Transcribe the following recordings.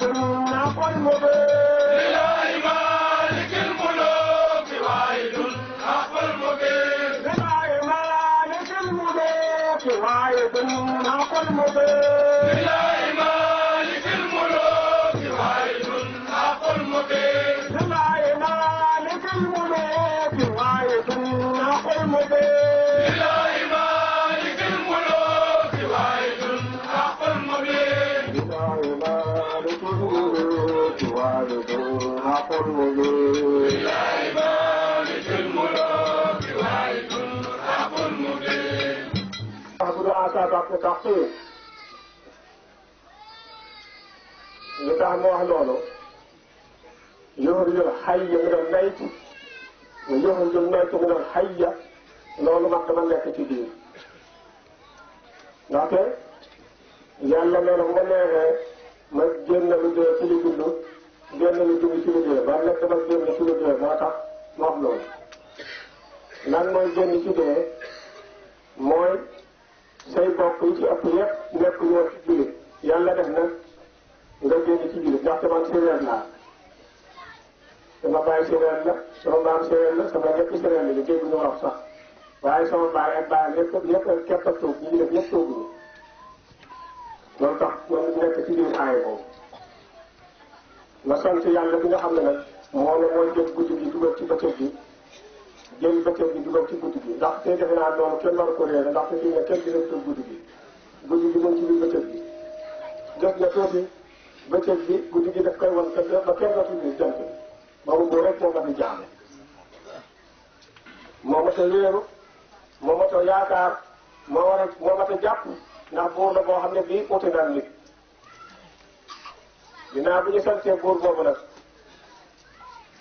جنا قلبه لله مالك الملوك وعيد الحق المبين لله مالك الملوك وعيد الحق المبين ba ko tax lu tax mu wax loolu yuxrijul xayya min al mayt yuxrijul mayt min al xayya loolu man dama nekk ci biir ndaxte yàlla nee na ma neexee ma génn lu dee ci lu dund génn lu dund ci lu dee ba nekk ma génn ci lu dee moo tax ma wax loolu lan mooy génn ci dee mooy say bokk yi ci ëpp yëpp nekk ñoo ci jullit yàlla def na nga génn ci jullit ndaxte man séeréer laa sama baay séeréer la sama maam séeréer la sama ñëpp séeréer la ñu dégg ñu wax sax waaye sama baay ak baay yëpp yëpp képp a tuub ñu def yëpp tuubuñu loolu tax man nekk ci biir aay boobu nga sant yàlla bi nga xam ne nag moo ne mooy jël guddi gi dugal ci bëccëg bi jël bëccëg bi dugal ci guddi gi ndax tey defe naa noonu kenn war ko réer ndax fi ne kenn gisul ko guddi gi guddi gi moom ci biir bëccëg bi na tuuti bi guddi gi daf koy wan kenn ba kenn dootul gis jant bi boobu boo rek moo ma di moo ma ta léeru moo ma ta yaakaar moo war moo ma ta jàpp ndax buur la boo xam ne bii uti naan nit dinaa bu ñu santee buur boobu nag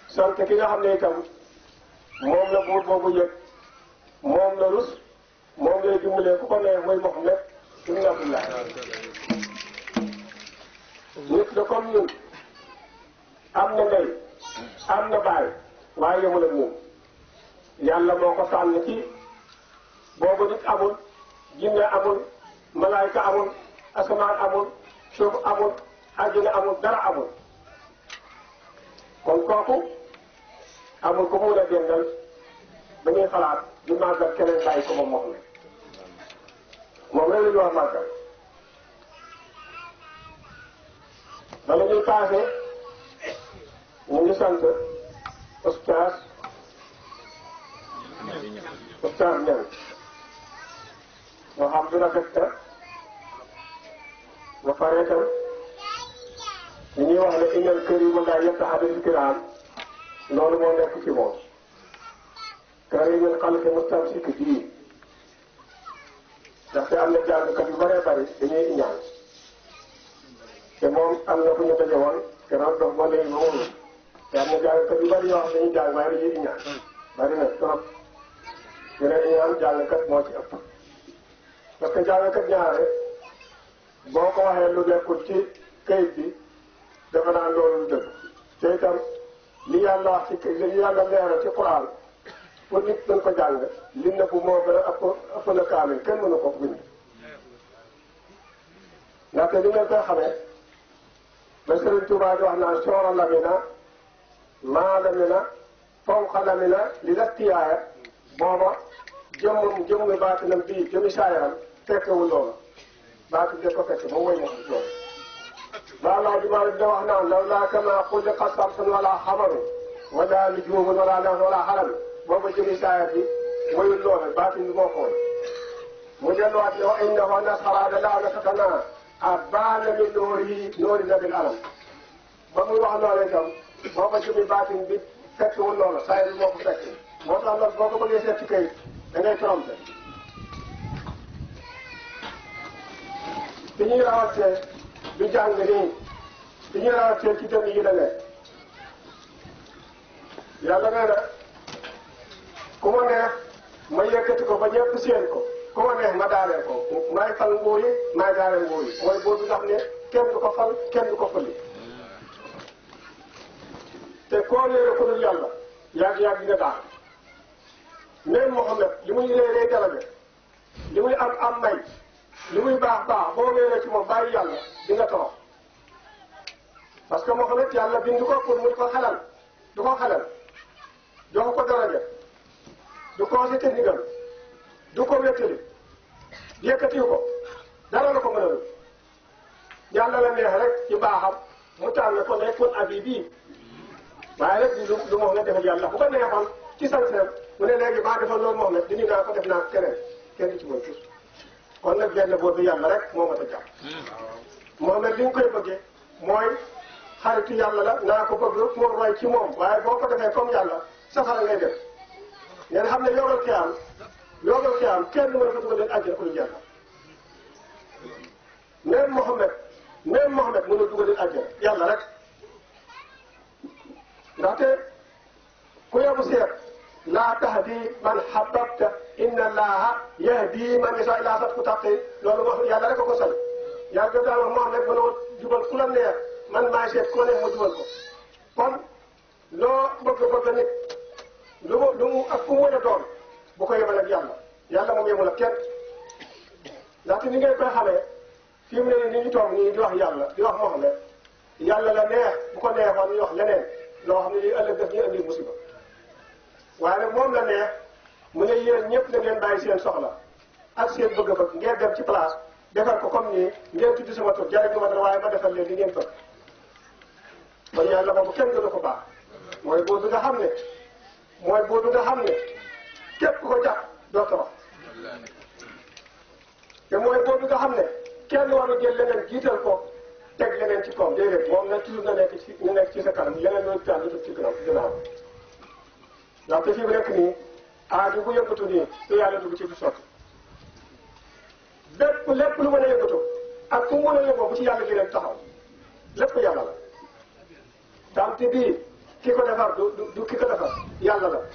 sant ki nga xam ne itam moom la buur boobu yëg moom la rus moom lay dimbalee ku ko neex mooy Mouhamed ibn nit la comme ñun am na ndey am na baay waaye yemul ak yàlla moo ko sànn ci boobu nit amul jinne amul malaayka amul asamaan amul suuf amul àjjana amul dara amul kon kooku amul ku mu la jëndal ba ñuy xalaat ñu màggal keneen bàyyi ko moom moom la moom la ñuy wax màggal bala ñuy paase ñu ngi sant oustaz oustaz Ndiaye moo xam du rafet ta ba pare itam ñuy wax ne innal karima la yataha bil kiram loolu moo nekk ci moom karimil xalqi mustamsik bii ndaxte am na jàngkat yu bëree bëri dañuy iñaan te moom am na fu ñu daje woon te loolu dox ba léegi ba moom te am na jàngkat yu bëri yoo xam dañuy jàng waaye dañuy iñaan bëri na trop ñu ne moo ci ëpp parce que jàngkat ñaare boo ko waxee lu nekkul ci kayit bi dafa naan loolu dëgg te li yàlla wax ci li yàlla leeral ci Quraan ba nit mën ko jàng li nëbb moo gën a ëpp ëpp na kaamil kenn mënu ko bind ndaxte li ngeen koy xamee ba Sëriñ Tuubaa di wax naan soora lamina maa lamina fawqa lamina li la tiyaaya booba jëmmam jëmmi baatinam bii jëmmi saayaram fekkewul loolu baati de ko fekk ba woy ma xam loolu لا لا جمال الدوحنا لولا كما خلق صرف ولا حمر ولا نجوم ولا نهر ولا حرم بابا جمي لا ويلون باتن بوكون مجلوات لو انه نصر هذا لا نصرنا أبان من نوري نوري ذا بالألم بمو لا عليكم بابا جمي باتن بيت لا والنور سايد البوكو فكي موضع الله بوكو بلي سيتي كي انا يترمزي بني راوتي di jàng nii di ñu rawatina ci dënn yi la ne yàlla nee na ku ma neex ma yëkkati ko ba ñëpp seen ko ku ma neex ma daaneel ko maay fal nguur yi maay daaneel nguur boobu nga ne kenn du ko fal kenn du ko fali te koo leere ko dul yàlla yàgg yàgg dina daan neen Mouhamed li muy leeree dalabe li muy am am may lu muy baax baax boo wéeree ci moom bàyyi yàlla di nga toog parce que Mouhamed yàlla bindu ko pour mu ko xelal du ko xelal jox ko daraja du consulter ndigal du ko wéttali yëkkatiw ko dara la ko mënalul yàlla la neex rek ci baaxam mu tànn ko nekkoon abi bii waaye rek du du Mouhamed defal yàlla bu ko neexoon ci sanseem mu ne léegi maa defal loolu Mouhamed di ñu naa ko def naa keneen ci mën kon nag benn boobu yàlla rek moo mën a jàpp. Hmm. moom nag li nga koy bëggee mooy xaritu yàlla la naa ko bëgg mu roy ci moom waaye boo ko defee comme yàlla safara ngay def ngeen xam ne yowal xiyaam yowal xiyaam kenn mën ko dugal leen àjjana ku dul yàlla. même Mouhamed même Mouhamed mën na dugal leen àjjana rek ndaxte ku yabu seet. لا تهدي من حببت إن الله يهدي من يشاء إلى صدق تقي لول مخ يالا رك كو سال يا غدا ما مخ رك بنو جوبال كولا نيه من ما سيت كو نيه جوبال كو كون لو بك بك نيت لو لو اكو ولا دون bu ko yemal ak yàlla yàlla moom yemal ak kenn ndaxte ni ngay koy xamee fi mu ne ni ñu toog nii di wax yàlla di wax Muhammad yàlla la neex bu ko neexoon ñu wax leneen loo xam ne lii ëllëg daf ñu indi musiba waaye nag moom la neex mu ne yéen ñëpp da ngeen bàyyi seen soxla ak seen bëgg-bëgg ngeen dem ci place defal ko comme nii ngeen tudd sama tur jare bi ma dara waaye ma defal leen li ngeen bëgg kon yàlla boobu kenn gënu ko baax mooy buur bi nga xam ne mooy buur bi nga xam ne képp ku ko jàpp doo torox te mooy buur bi nga xam ne kenn waru jël leneen jiital ko teg leneen ci koom déedéet moom na toujours ne nekk ci na nekk ci sa kanam yeneen loolu daal di def ci gannaaw gannaaw ndaxte fi mu nekk nii aaju bu yëngatu nii lu yàlla dugg ci du sotti lépp lépp lu mën a yëngatu ak ku mu mën a bu ci yàlla ji rek taxaw lépp yàlla la. daante bii ki ko defar du du ki ko la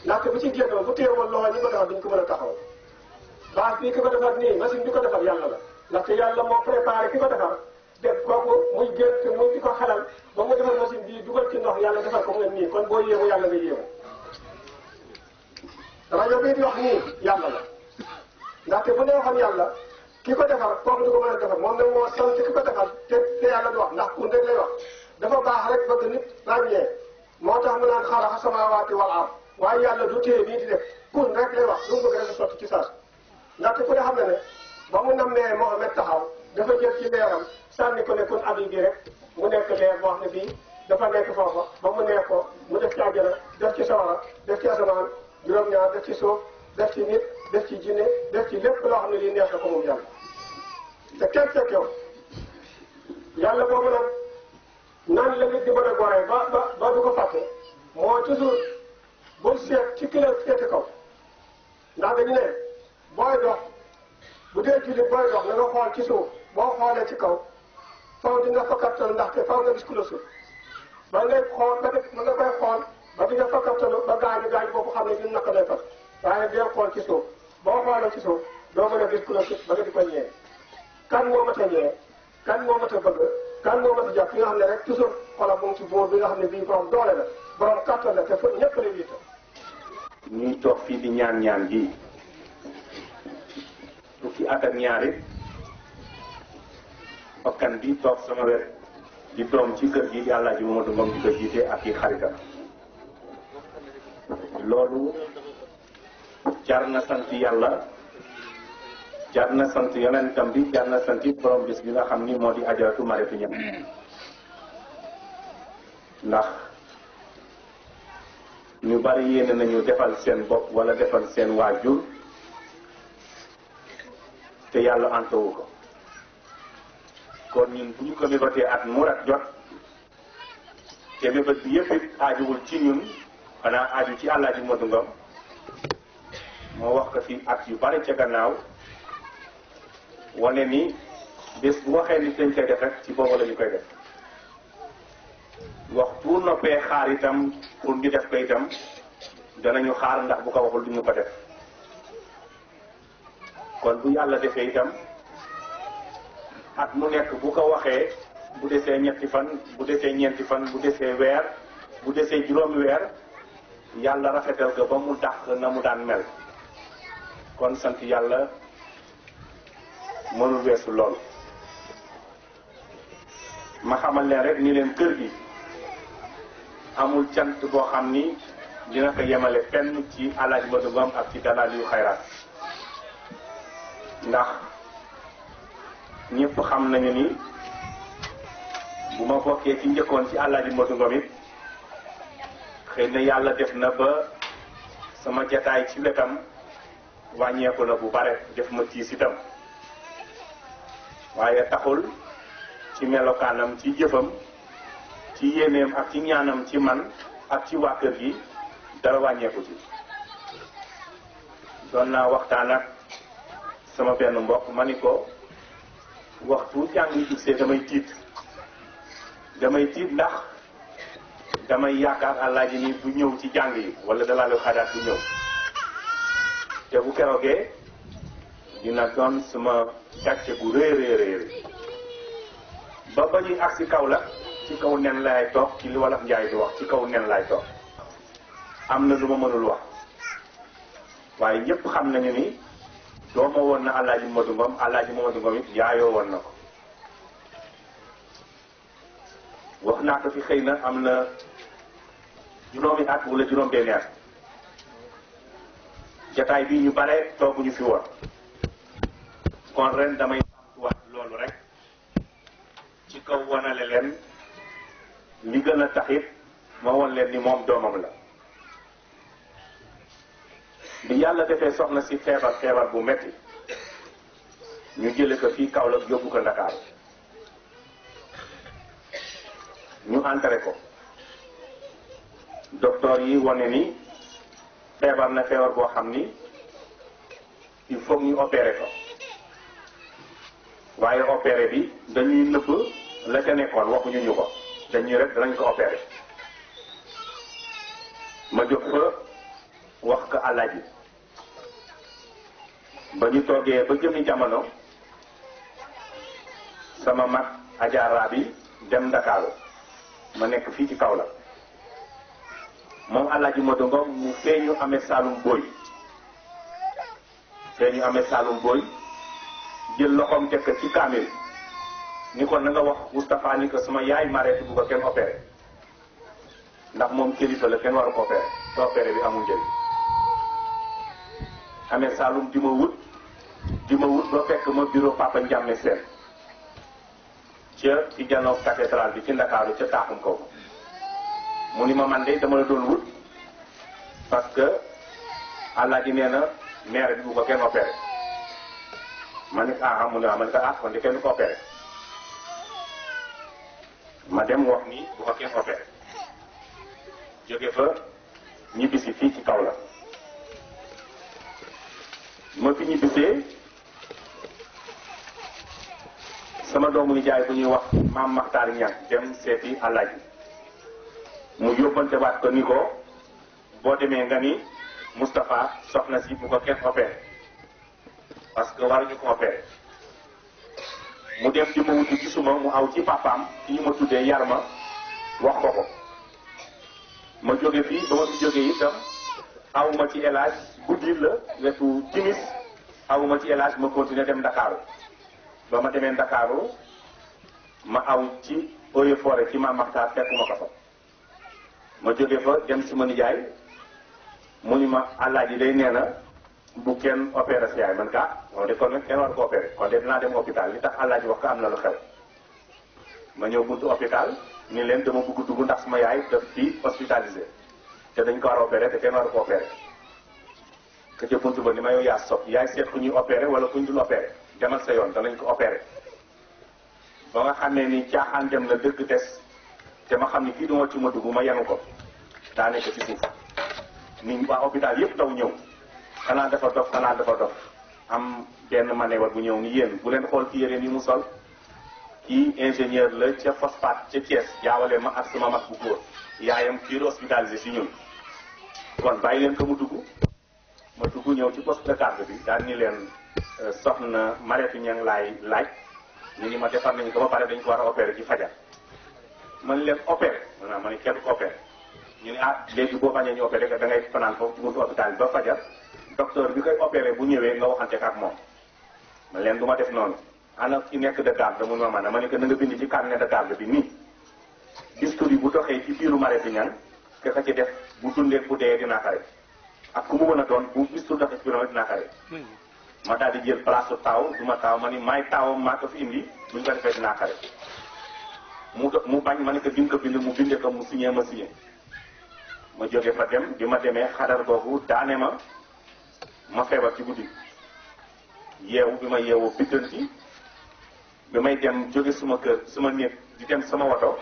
ndaxte bu ci génnoon bu téyewoon loxo ñi ko defar duñ ko mën a taxaw baax bii ki ko defar nii machine bi ko defar yàlla la ndaxte yàlla moo préparé ki ko defar. def kooku muy gént muy di ko xelal ba mu defar machine bii dugal ci ndox yàlla defar ko mu ne nii kon boo yéemu yàlla nga yéemu rajo bii di wax nii yàlla la ndaxte bu neexoon yàlla ki ko defar kooku du ko mën a defar moom nag moo sant ko defar te te a du wax ndax kun rek rek bëgg moo tax mu naan xalaqa samaawaati wal ard waaye yàlla du téye nii di def kun rek wax lu mu rek a sotti ci saas ndaxte ku ne xam ne ne ba mu nammee Mohamed taxaw dafa jël ci leeram sànni ko ne kun abi bi rek mu nekk leer boo xam ne bii dafa nekk foofa ba mu nekk ko mu def ci àjjana def ci sawara def ci asamaan juróom-ñaar def ci suuf def ci nit def ci jinne lépp loo xam ne lii neex na ko moom yàlla te kenn fekkew yàlla boobu nag naan la nit di mën a goree ba ba ba du ko fàtte moo toujours bul seet ci kilo féete kaw ndax dañu ne booy dox bu dee julli booy dox na nga xool ci suuf boo xoolee ci kaw faw di nga fa kattan ndaxte faw nga gis ku la suuf ba ngay xool ba nga xool ba di nga fakkartalu ba gaañu gaañu boobu xam ne ñun naka lay fas waaye deel xool ci suuf boo xoolee ci suuf doo mën a gis ku la gis ba nga di ko ñee kan moo mat a ñee kan moo mat a bëgg kan moo mat a jàpp ki nga xam ne rek toujours xolam mu ngi ci buur bi nga xam ne bii borom doole la borom kàttan la te fa ñëpp la wiita ñuy toog fii di ñaan ñaan gii fukki at ak ñaari bakkan bi toog sama wet di doom ci kër gi yàlla ji Mamadou Ngom di ko jiite ak i xaritam lolu jarna sant yalla jarna sant sant tam bi jarna sant borom bis bi nga xamni modi moo di ajaratu Mariétou ndax ñu bari yéene nañu defal seen bop wala defal seen wajur te yalla antawu ko kon ñun bu ñu ko mébatee at mu rat jot te mébat bi yëpp it aajowul ci ñun xanaa aju ci àllaaji ma Ngom moo wax ko ci at yu bari ca gannaaw wane ni bés bu waxee nit dañ koy def ci boobu lañu koy def waxtu noppee xaar itam pour ñu def ko itam danañu xaar ndax bu ko waxul duñu ko def kon bu yàlla defee itam at mu nekk bu ko waxee bu desee ñetti fan bu desee ñeenti fan bu desee weer bu desee juróom weer yàlla rafetal ko ba mu dàq na mu daan mel kon sant yàlla mënul weesu lool ma xamal leen rek ni leen kër gi amul cant boo xam ni dina ko yemale penn ci alaaj Modou Ngom ak ci dalal yu xayraat ndax ñépp xam nañu ni bu ma bokkee ci njëkkoon ci alaaj Modou Ngom it xëy na yàlla def na ba sama jataay ci wetam wàññeeku na bu bare def ma tiis itam waaye taxul ci melokaanam ci jëfam ci yéeneem ak ci ñaanam ci man ak ci waa kër gi dara wàññeeku ci doon naa waxtaan ak sama benn mbokk ma ni ko waxtu jàng yi damay tiit damay tiit ndax damay yaakaar àllaaji ni bu ah, ñëw ci jàng yi wala dalaalu xadaat bu ñëw te bu keroogee dina doon suma gàcce gu réer réer réer ba ba ñuy agsi kaw la ci kaw nen lay toog ci li wolof njaay di wax ci kaw nen lay toog am na lu ma mënul wax waaye ñëpp xam nañu ni dooma woon na àllaaji Modou Ngom àllaaji Modou it yaayoo woon na ko wax naa ko fi xëy na am na juróomi at wala juróom benni at jataay bii ñu bare tooguñu fi woon kon ren damay loolu rek ci kaw wanale leen li gën a taxit ma won leen ni moom doomam la bi yàlla defee soxna si feebar feebar bu metti ñu jële ko fii Kaolack yóbbu ko Ndakaaru ñu enterré ko docteur yi wane ni feebar na feebar boo xam ni il faut ñu opéré ko waaye opéré bi dañuy nëbb la ca nekkoon waxuñu ñu ko dañuy rek danañ ko opéré ma jóg fa wax ko alaaji ba ñu toogee ba jëmi jamono sama mag ajaara bi dem Ndakaaru ma nekk fii ci kaw la moom alaaji Modou Ngom mu feñu amé salum Boy feñu amé salum Boy jël loxom teg ci kamil ni ko na nga wax mustafa ni ko sama yaay mareeti bu ko kenn opéré ndax mom kilifa la kenn war ko opéré te opéré bi amu jël amé salum dima wut dima wut ba fekk ma bureau Papa Ndiame Sène ci ci janoog cathédrale bi ci Ndakaaru ca taaxum kaw mu ni ma man day dama la doon wut parce que allah ji nee na maire bi bu ko kenn opéré ma ne ko ah mu ne ma ne ko ah kon de kenn ko opéré ma dem wax ni bu ko kenn opéré jóge fa bisi fii ci kaw la ma fi ñibbisee sama doomu jaay bu ñuy wax maam Maxtaar ñan dem seeti àllaaji mu yóbbante waat ko ni boo demee nga ni Moustapha soxna si bu ko kenn opéré parce que waruñu ko opéré mu dem di ma wuti gisuma mu aw ci papaam ci ñu ma tuddee yar ma wax ko ko ma jóge fii ba ma fi jóge itam aw ma ci élage guddi la wetu timis awuma ci élage ma continuer dem Ndakaaru ba ma demee Ndakaaru ma aw ci eaux et forêt ci Mame Makhtar fekkuma ko fa ma jóge fa dem sama nijaay mu ni ma àllaaji day nee na bu kenn opéré si yaay man ka wax de kon nag kenn war ko opéré kon de dinaa dem hôpital li tax àllaaji wax ko am na lu xew ma ñëw buntu hôpital ni leen dama bëgg dugg ndax sama yaay daf ci hospitalisé te dañ ko war opéré te kenn war ko opéré ka ca buntu ba ni ma yow yaa sob yaay seet ku ñuy opéré wala ku ñu dul opéré demal sa yoon danañ ko opéré ba nga xam ne ni caaxaan dem na dëkk des te ma xam ne kii duma ci ma dugg ma yenu ko daa nekk ci suuf nit waa hôpital yëpp taw ñëw xanaa dafa dof xanaa dafa dof am benn manéwal bu ñëw ni yéen bu leen xool ci yéen yi mu sol ki ingénieur la ca phosphate ca Thiès jaawale ma ak sama mat bu góor yaayam kii la hospitalisé si ñun kon bàyyi leen ko mu dugg ma dugg ñëw ci poste de garde bi daal ni leen euh, soxna Mariétou Niang laay laaj ñu ngi ma defar nañu ko ba pare dañ ko war a opéré ci fajar man leen opéré maanaam man kenn opéré ñu ne ah léegi boo bañee ñu opéré da ngay fanaan ko ci buntu hôpital ba fajar docteur bi koy opéré bu ñëwee nga waxante ak moom man leen du ma def noonu ana ki nekk de garde mu ma man ma ne que na nga bind ci carnet de garde bi nii discours yi bu doxee ci biiru mare bi ñan ke ka ci def bu dundee bu dee dinaa xare ak ku mu mën a doon bu discours doxee ci biiru mare dinaa xare ma daal di jël place taw du ma taaw ma ni may taw maa ko fi indi buñ ko defee dinaa xare mu mu bañ ma ne bi nga ko bind mu bindee ko mu signé ma signé ma jóge fa dem bi ma demee xadar boobu daane ma ma feebar ci guddi yeewu bi ma yeewoo biddanti bi may dem jóge suma kër suma néeg di dem sama woto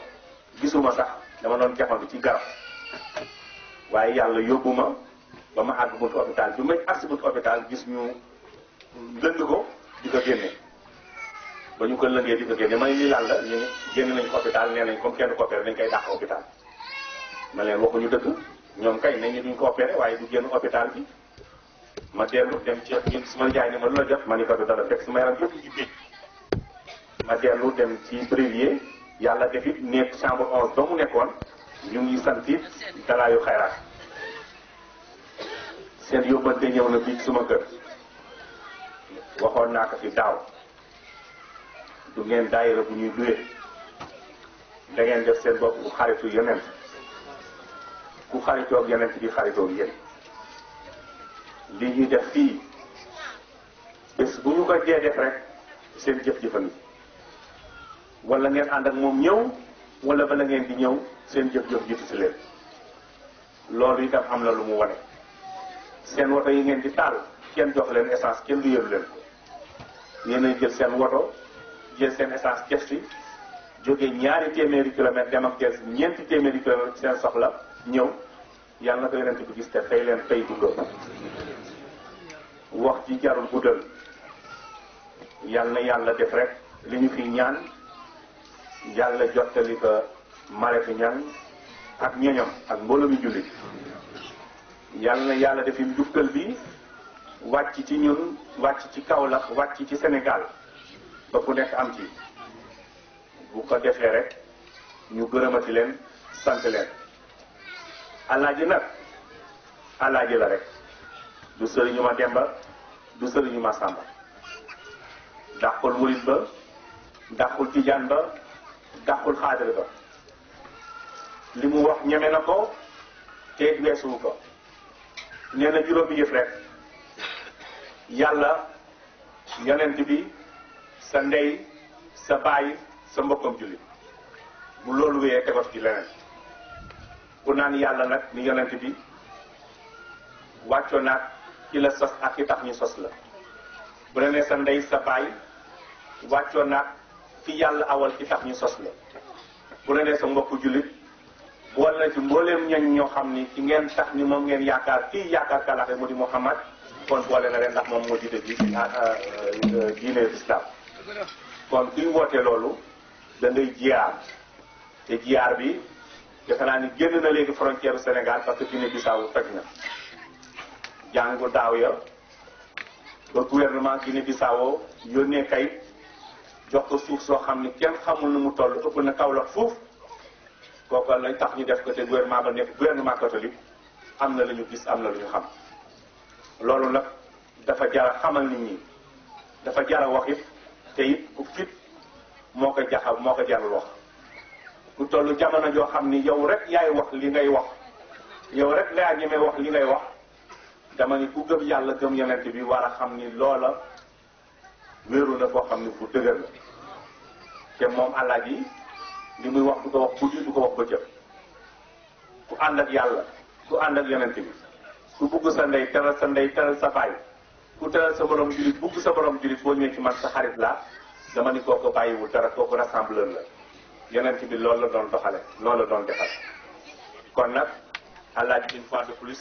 gisuma sax dama doon jafandu ci garab waaye yàlla yóbbu ma ba ma àgg buntu hôpital bi may agsi buntu hôpital gis ñu lënd ko di ko génne ba ñu ko lëngee di ko génne man lii lan la ñu génn nañu hôpital nee nañ comme kenn ko opéré dañ koy dàq hôpital ma leen waxuñu dëgg ñoom kay nañ ñu duñ ko opéré waaye du génn hôpital bi ma dellu dem ci ma njaay ne ma lu la jot ma ma yaram yëpp ci biir ma dem ci prévier yàlla defit nekk chambre onze ba mu nekkoon ñu ngi sant dalaayu xayraat seen yóbbante ñëw na fii suma kër waxoon naa ko fi daaw du ngeen daayira bu ñuy duye da def seen bopp bu xaritu yonent ku xaritoog yonent bi xaritoog yéen li ñuy def fii bés bu ñu ko jee def rek seen jëf-jëfangi wala ngeen ànd ak moom ñëw wala bala ngeen di ñëw seen jëf-jëf jiitu si leen loolu itam am na lu mu wane seen woto yi ngeen di taal kenn jox leen essence kenn lu yëru leen ko yéen jël seen woto jël seen essence Thiès jóge jógee ñaari téeméeri kilomètres dem ak ñeenti téeméeri kilomètres seen soxla ñëw yàlla na ko yonent bi gis te fay leen fay dundoo wax ji jarul guddal yàlla na yàlla def rek li ñu fi ñaan yàlla jottali ko Marème Niang ak ñoñom ak mbooloo jullit yàlla na yàlla defi njukkal bi wàcc ci ñun wàcc ci Kaolack wàcc ci Sénégal ba ku nekk am ci bu ko defee rek ñu gërëmati leen sant leen alaaji nag alaaji la rek du sëriñu ma demba du sëriñu ma sàmba dàqul murit ba dàqul tijaan ba dàqul xaadir ba li mu wax ñeme na ko te weesuwu ko nee na juróomi yëf rek yàlla yonent bi sa ndey sa baay sa mbokkam jullit bu loolu wéyee tegoot ci leneen ku naan yàlla nag ni yonent bi wàccoo naag ki la sos ak ki tax ñu sos la bu la nee sa ndey sa wàccoo naag fi yàlla awal ki tax ñu sos la bu la nee sa mbokk jullit na ci mbooleem ñañ ñoo xam ni ci ngeen tax ni moom ngeen yaakaar kii yaakaar kalaaxe mu di Muhammad kon boole na leen ndax moom moo jiite ji ah, ah, diine islam kon kuy woote lolu da ngay jiar te jiar bi defe naa ni génn na léegi frontière Sénégal parce que Guinée Bissau toj na jangu daw ya ba gouvernement Guinée Bissau yónnee kay jox ko suuf so xamni kenn xamul nu mu tollu ëpp na Kaolack fouf kooku lañ tax ñu def ko te gouvernement ba nekk gouvernement catholique amna lañu gis amna lañu xam lolu nak dafa jara xamal nit ñi dafa jara waxit te it ku fit moo ko jaxal moo ko jaral wax ku toll jamono joo xam ni yow rek yaay wax li ngay wax yow rek laa ñemee wax li ngay wax dama ni ku gëm yàlla gëm yonent bi war a xam ni loola wéeru na boo xam ni fu dëgër la te moom allah ji li muy wax du ko wax guddi du ko wax bëccëg ku ànd ak yàlla ku ànd ak yonent bi ku bugg sa ndey teral sa ndey teral sa baay ku teral sa borom julit bugg sa borom julit boo ñëwee ci man sa xarit la dama ni kooku bàyyiwul dara kooku rassembleur la yonent bi loolu la doon doxale loolu la doon defal kon nag allah ji une fois de plus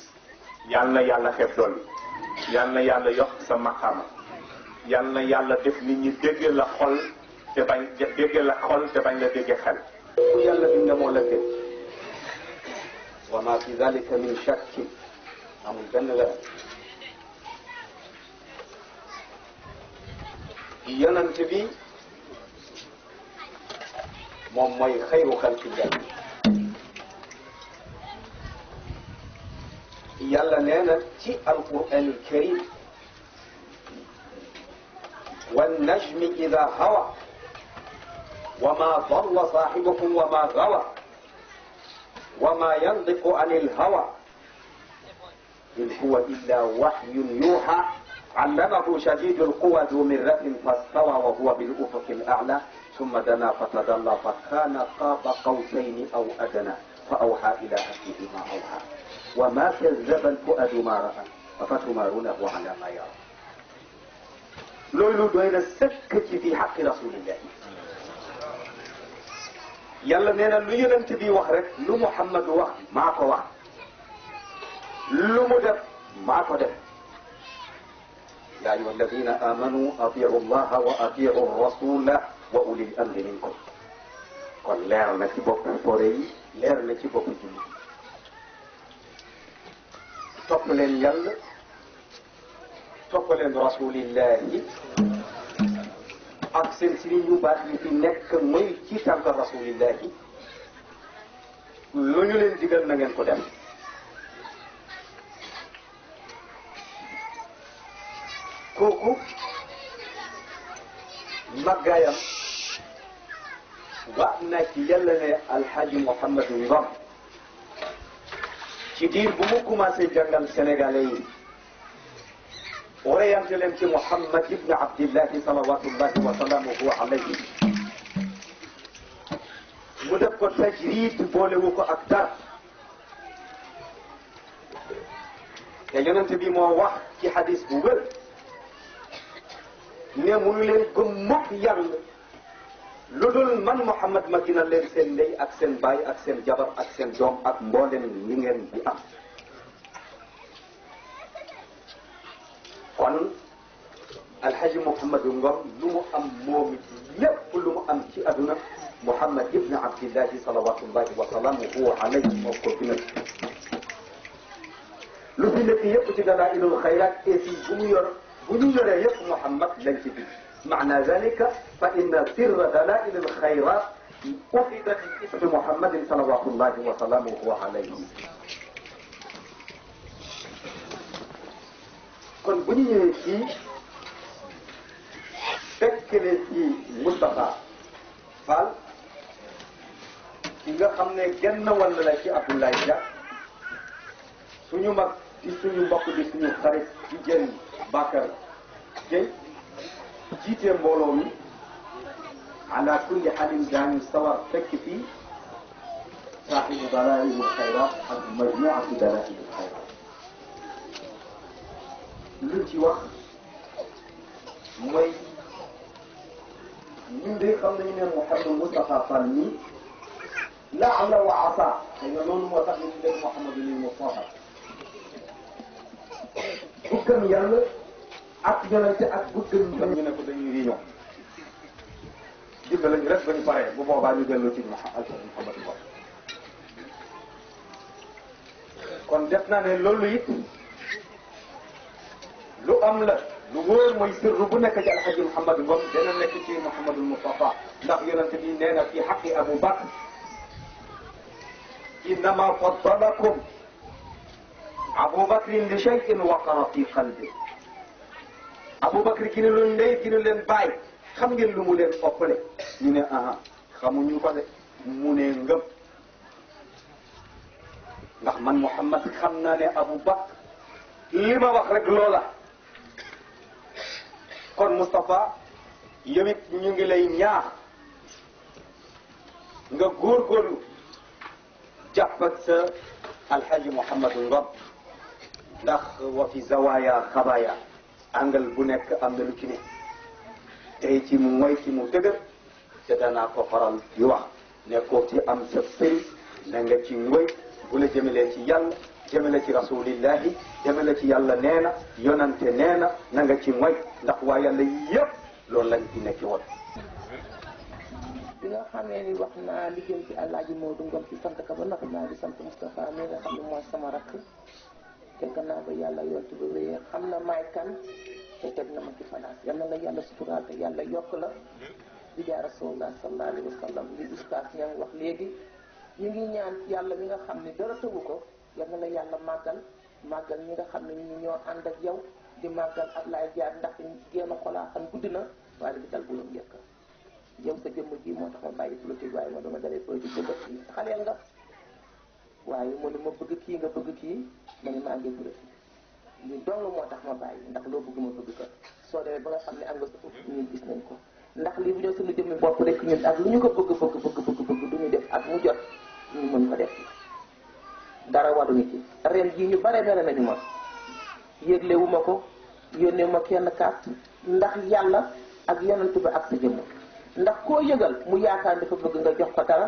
yal na yàlla xeeb dool yal na yàlla yokk sa maqaama yal na yàlla def ni ñi dégg la xol te bañ la xol te bañ la dégg xel ku yàlla bind moo la teg wa ma fi dalika min shakkin amul benn la yonent bi moom خير خلق xalqillah yàlla nee na ci alquranul والنجم إذا هوى وما ضل صاحبكم وما غوى وما ينطق عن الهوى إن هو إلا وحي يوحى علمه شديد القوى ذو مرة فاستوى وهو بالأفق الأعلى ثم دنا فتدلى فكان قاب قوسين أو أدنى فأوحى إلى أهله ما أوحى وما كذب الفؤاد ما رأى أفتمارونه على ما يرى لولو دوين السكت في حق رسول الله يلا نينا nee na وحرك yonent bi wax rek lu muhammad wax maa ko يا أيها الذين آمنوا أطيعوا الله وأطيعوا الرسول وأولي الأمر منكم كون لير نتي بوب فوري لير نتي بوب فوري. توك لين يالا توك لين رسول الله أقسم سين سيني لي في نيك موي تي رسول الله لو نيو لين ديغال نانين kooku màggaayam waat naa ci yàlla ne alxaaji Mouhamadou Ngom ci diir bu mu commencé jàngal sénégalais yi orienté leen ci Mouhamad ibn Abdillahi salawatullahi wa salaamuhu alayhi mu def ko tajrid boolewu ko ak dara te yonente bi moo wax ci xadis bu wér ne munu leen gëm mukk yàlla lu dul man Mouhamad ma dina leen seen ndey ak seen baay ak seen jabar ak seen doom ak mboolem ñi ngeen di am kon alhaji Mouhamadu Ngom lu mu am moom it lépp lu mu am ci aduna Mouhamad ibn Abdillahi salawatullahi wa salaamuhu alayhi moo ko gënal lu fi nekk yëpp ci dalailul xayraat et bu mu yor كل لا يطمح مقلك معنى ذلك فإن سر دلائل الخيرات أخذ في اسم محمد صلوات الله وسلامه عليه كن بني في فكر في مصطفى قال إذا خمنا جنة ولا لكي أبو الله جاء سنو مك سنو مك بسنو خريف جنة bàkkaar te jiite mbooloo mi ala kulli xalin daañu sawar fekk fii saaxibu dalaa'il xayraat ak majmuatu dalaa'il xayraat luñ ci wax mooy ñun de xam nañu ne Mouhamadou Moustapha Fall nii laa am la wa asa xëy na loolu moo tax ñu tuddee Mouhamadou nii Moustapha bu gëm yàlla ak yonente ak guddum ñoom ñu ne ko dañuy réunion dimbale ñu rek ba ñu paree bu boobaa ñu delloo ci Muhammad Muhammad kon def naa ne loolu it lu am la lu wóor mooy sirru bu nekk ci alxaji Muhammad Ngom dana nekk ci Muhammadul Mustafa ndax yonente bi nee na fi xaqi Abu Bakr innama faddalakum Abu Bakrin li shay'in waqara fi qalbi Aboubacar ki ne leen ndey ki ne leen baay xam ngeen lu mu leen ëppale ñu ne aha xamuñu ko de mu ne ngëm ndax man Mouhamad xam naa ne Aboubacar li ma wax rek loola kon Moustapha yow it ñu ngi lay ñaax nga góorgóorlu jàpp ak sa alxaji Mouhamad Ngom ndax wa fi zawaaya xabaaya angal bu nekk am na lu ci ne ci mu mooy ci mu dëgër te danaa ko faral di wax ne ko ci am sa sëy na nga ci woy bu la jëmalee ci yàlla jëmale ci rasulillahi jëmale ci yàlla nee na yonante nee na na ci moy ndax waa yàlla yëpp loolu lañ ci nekk woon bi nga ne ni wax naa li jëm ci àllaaji Moodu Ngom ci sant ba noppi naa di sant Moustapha rakk te naa ba yàlla yontu bi wéyee xam na maay kan te teg na ma ci fanaas yal na la yàlla suturaal te yàlla yokk la di jaar rasulullah sallallahu alayhi wa sallam li ustaas yang wax léegi ñu ngi ñaan yàlla mi nga xam ne dara tëgu ko yal na la yàlla màggal màggal ñi nga xam ne ñu ñoo ànd ak yow di màggal ak laay jaar ndax génn xolaa xam guddi na waaye bi dal bu loolu njëkk yow sa jëmm ji moo tax ma bàyyi politique waaye moo dama dalee politique ba bët xale nga waye mo ne ma bëgg ki nga bëgg ki man ma am bëgg ni dong moo tax ma bàyyi ndax loo bëgg ma bëgg ko so demee ba nga xamni am nga sa ñun gis nañ ko ndax li bu ñëw suñu jëmm bopp rek ñun ak lu ñu ko bëgg bëgg bëgg bëgg bëgg du ñu def ak mu jot ñu mën ko def dara ni ci reel jii ñu bare mere nañu ma yeglé wu ma ko ma kenn kaat ndax yalla ak yonent ba ak sa jëmm ndax ko yëgal mu yaakaar dafa bëgg nga jox ko dara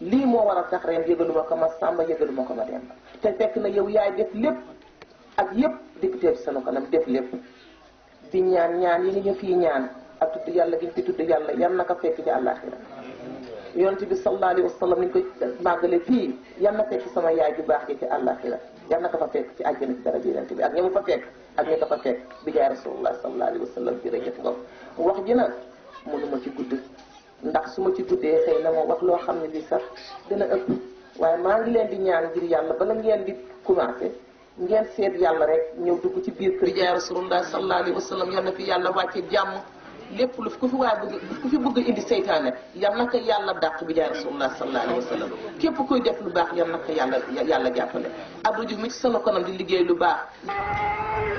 lii moo war a sax ren yëgaluma ko ma sàmba yëgaluma ko ma dem te fekk na yow yaay def lépp ak yépp député bi sunu kanam def lépp di ñaan ñaan yi nga ñu fii ñaan ak tudd yàlla gi ci tudd yàlla yal na ko fekk ci àllaaxira yonent bi sallallahu alayhi wa ni ko màggale fii yal na fekk sama yaay ju baax ji ci àllaaxira yal na ko fa fekk ci àjjana ci dara ji yonent bi ak ña mu fa fekk ak ña ko fa fekk bi jaay rasulullah sallallahu alayhi wa sallam jërëjëf nga wax ji nag mënuma ci gudd ndax su ma ci guddee xëy na ma wax loo xam ne li sax dina ëpp waaye maa ngi leen di ñaan ngir yàlla bala ngeen di commencé ngeen seet yàlla rek ñëw dugg ci biir kër bi jaay rasulullah sallallahu alayhi wa sallam yal na fi yàlla wàcce jàmm lépp lu fi ku fi waay bëgg ku fi bëgg indi seytaane yal na ko yàlla dàq bi jaay rasulullah sallallahu alayhi wa sallam képp kuy def lu baax yal na ko yàlla yàlla jàppale Abdou Diouf mi ci sama kanam di liggéey lu baax